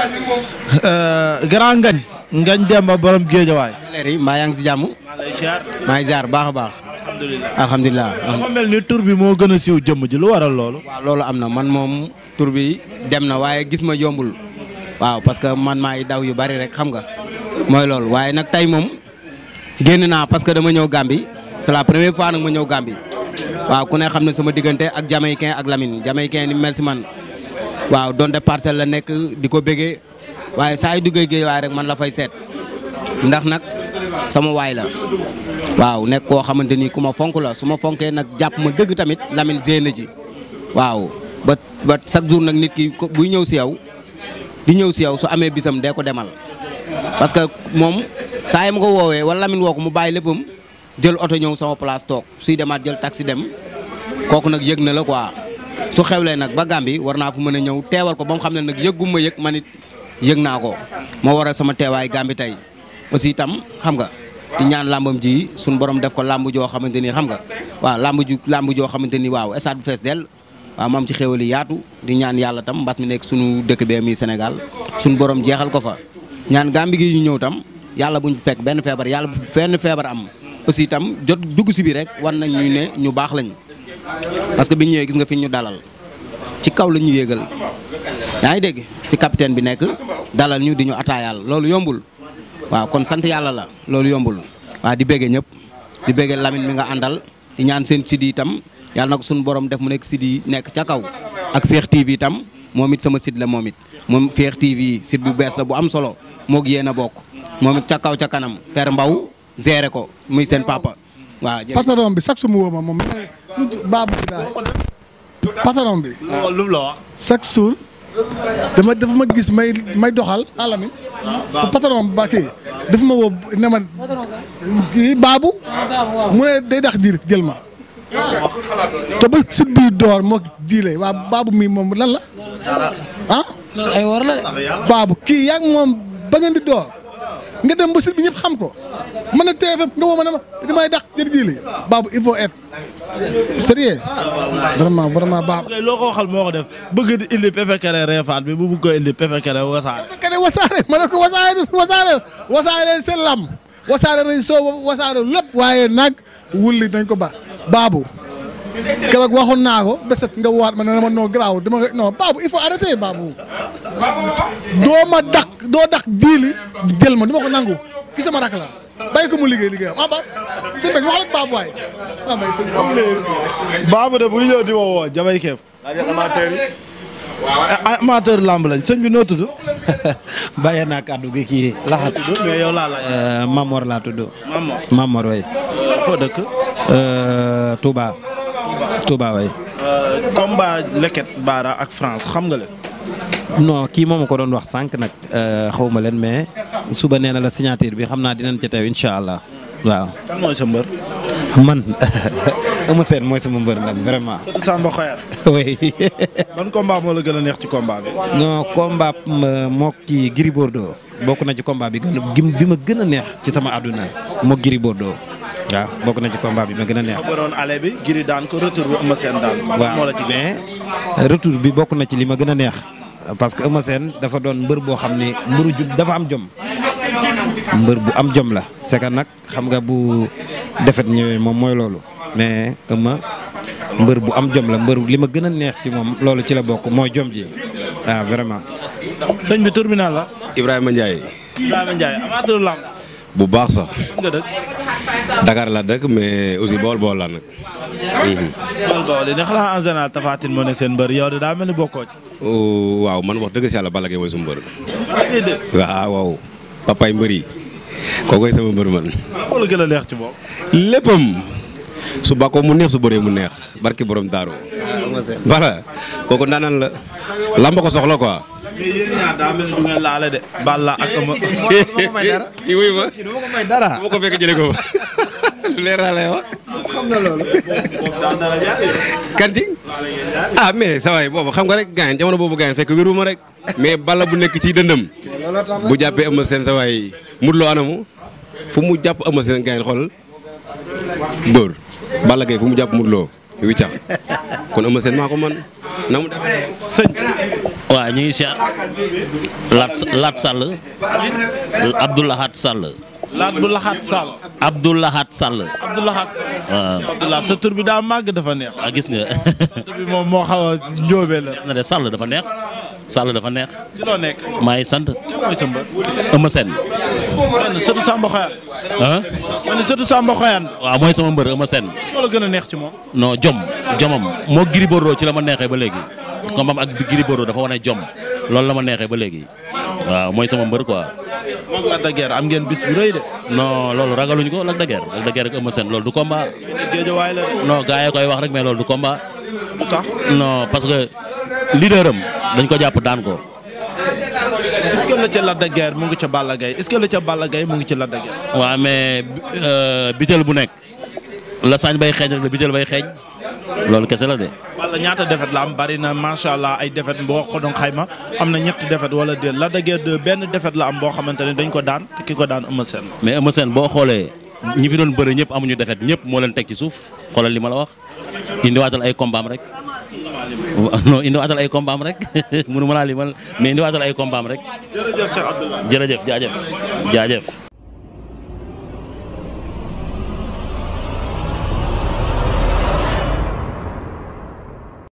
Euh, grand ngañ ngañ Demba borom géejawaay. maa yaa ngi si jàmm. maa ngi baax a baax. alhamdulilah dafa mel ni tur bi moo gën a siiw jëmm ji lu waral loolu. waaw loolu am na man moom tour bi dem na waaye gis ma yombul. waaw parce que man maa ngi daw yu bari rek xam nga. mooy loolu waaye nag tey moom génn naa parce que dama ñëw Gambie c'est la première fois nag ma ñëw Gambie waaw ku ne xam ne sama diggante ak Jamaïcain ak Lamine Jamaïcain ni mel man. waaw donte parcelle la nekk di ko bëggee waaye saa du duggee géej waaye rek man la fay seet ndax nag sama waay la waaw nekk koo xamante ni ku ma fonk la su ma fonkee nag jàpp ma dëgg tamit Lamine génn ji waaw ba chaque jour nag nit ki buy ñëw si yow di ñëw si yow su amee bisam dee ko demal parce que moom saa yi ma ko woowee wala Lamine woo ko mu bàyyi léppam jël oto ñëw sama place toog suy demaat jël taxi dem kooku nag yëg na la ko su xew xewlee nag ba Gàmbi war naa fu mën a ñëw teewal ko ba mu xam ne nag yëgguma yëg man it yëg naa ko moo war waral sama teewaay Gàmbi tey aussi itam xam nga di ñaan làmbam ji suñu borom def ko làmb joo xamante ni xam nga waaw làmb ju làmb joo xamante ni waaw stade bu fees dell waaw moom ci xéwal yi yaatu di ñaan yàlla tam mbas mi nekk suñu dëkk bee muy senegal suñu borom jeexal ko fa ñaan Gàmbi gi ñu ñëw itam yàlla buñ fekk benn feebar yàlla benn feebar aussi itam jot dugg si bi rek war nañ ñu ne ñu baax lañ parce que bi ñu ñëwee gis nga fi ñu dalal ci kaw la ñu yéegal yaa ngi dégg ci capitaine bi nekk dalal ñu di ñu ataayaal loolu yombul waaw kon sant yàlla la loolu yombul waaw di béggee ñëpp di béggee Lamine mi nga àndal di ñaan seen sidi itam yàlla na ko suñu borom def mu nekk sidi nekk ca kaw ak Fekh TV itam moom it sama site la moom moom Fekh TV site bu bees la bu am solo moo yéen a bokk moom ca kaw ca kanam ter mbaw géré ko muy seen papa waaw patron bi chaque su mu moom. baabu bi. waaw lu la wax. chaque jour dama dafa ma gis may may doxal alami. waaw patron ba kii dafa ma woo ne ma. kii baabu. mu ne day dax diir jël ma. te ba sut bi door moo diile waa baabu mi moom lan la. Ah? baabu kii yaa ngi moom ba door. nga dem ba site bi ñëpp xam ko man a TFM nga woo ma ne ma damay dàq jërëjëf jii la il faut être sérieux vraiment vraiment Babou. loo ko waxal def bëgg di indi Pepe bi bu bëgg ko indi Pepe Kéré wasaare. Pepe ma ne ko wasaare du wasaare wasaare seen wasaare rëy soo wasaare lépp waaye nag wulli dañ ko ba Babou. keroog waxoon naa ko bésat nga waat ma ne ma non garaaw dama non Babou il faut arrêter Babou doo ma doo diili jël ma du ma ko nangu ki sama rak la bàyyi ko mu liggéey liggéeyam ah Ba sëñ bi wax rek Babou waay ah, de bu ñu ñëw di ma Keef. amateur yi. Ah, ah, amateur lamb lañ sëñ bi naa kàddu gi kii laxa tudd mais yow laa la. Euh, Mamor laa tudd. Mamor Mamor waay. Euh, foo dëkk. Euh, Touba. Touba waay. combat Leket Baara ak France xam nga leen. non kii moom ko doon wax sànq nag euh, xaw ma leen mais suba nee na la signature bi xam naa dinañ ca teew incha allah waaw. kan mooy sa mbër. man Eumeu Sène mooy sama mbër nag vraiment. surtout Samba Xoyar. oui. ban combat moo la gën a neex ci combat bi. non combat mook ci Gris Bordeaux bokk na ci combat bi gën a bi ma gën a neex ci sama àdduna mook Gris Bordeaux waaw bokk na ci combat bi ma gën a neex. ma doon ale bi Gris daan ko retour bi Eumeu Sène daan. waaw moo la ci mais retour bi bokk na ci li ma gën a neex. parce que Eumeu seen dafa doon mbër boo xam ni mbëru ju dafa am jom mbër bu am jom la c'est que nag xam nga bu defet ñëwee moom mooy loolu mais Eumeu mbër bu am jom la mbër li ma gën a neex ci moom loolu ci la bokk mooy jom ji waaw ah, vraiment. sëñ bi terminal la. Ibrahima Ndiaye. bu baax sax. Dakar la dëkk aussi bool bool la loolu li ne xanaa en général Tapha Tine moo nekk seen mbër yow de daa ni bokkoo ci. Oh, waaw man wax dëgg si yàlla Balla Gaye mooy suñu mbër. waaw papaay mbër yi kookoy sama mbër man. léppam su bàkkoo mu neex su bëree mu neex barki borom daaru voilà kooku ndaanaan la lamba ko soxla quoi. de. Balla ak Ama. kii wuy du ma ko xam na ah mais sa boobu xam nga rek gaañ jamono boobu gaañ fekk wéru rek mais bala bu nekk ci dëndëm. bu jàppee Eumeu Sène sa waay Modou anamu fu mu jàpp Eumeu Sène gaañ xool dóor Balla Gaye fu mu jàpp Modou Lo wiccax kon Eumeu maa ko man na mu def sëñ. waaw ñu ngi si Lat Lat Sall Abdoulahat Sall. Abdou Lahat Sall. Abdou Lahat Sall. Abdou Sall. waaw Abdou Lahat sa bi daa màgg dafa neex. waaw ah, gis nga. moom moo xaw a la. na de Sall dafa neex. Sall dafa neex. ci nekk. maa ngi sant. mooy sa mbër. Eumeu Sène. man sëtu Samba Xoyaan. waaw mooy sama mbër Eumeu Sène. loolu gën ci moom. non jom jomam moo Gris Bordeaux ci la ma neexee ba léegi. comme ak Gris Bordeaux dafa wane jom loolu la ma neexee ba léegi. waaw mooy sama mbër quoi. moom Lac de am ngeen bis bu rëy de. non loolu ragaluñ ko la de Guiers Lac de Guiers loolu du combat. géejawaay la non koy wax rek mais loolu du combat. bu tax non parce que leader dañ ko jàpp daan ko. est la ca mu ngi ca Balla Gaye est-ce que la ca Balla Gaye mu ngi ci la de Guiers. waaw mais euh, bu nekk la sañ bay xeeñ rek la bitel bay xeeñ. loolu kese la de. wala ñaata defet la am bari na macha allah ay defet boo ko doon xayma am na ñetti defet wala déet la da ngeen benn defet la am boo xamante ne dañ ko daan te ki ko daan Eumeu mais Eumeu Sène boo xoolee ñi fi doon bëre ñëpp amuñu defet ñëpp moo leen teg ci suuf xoolal li ma la wax indiwaatal ay kombaam rek. non indiwaatal ay kombaam rek mënu ma laa limal mais indiwaatal ay kombaam rek. jërëjëf Cheikh jërëjëf jaajëf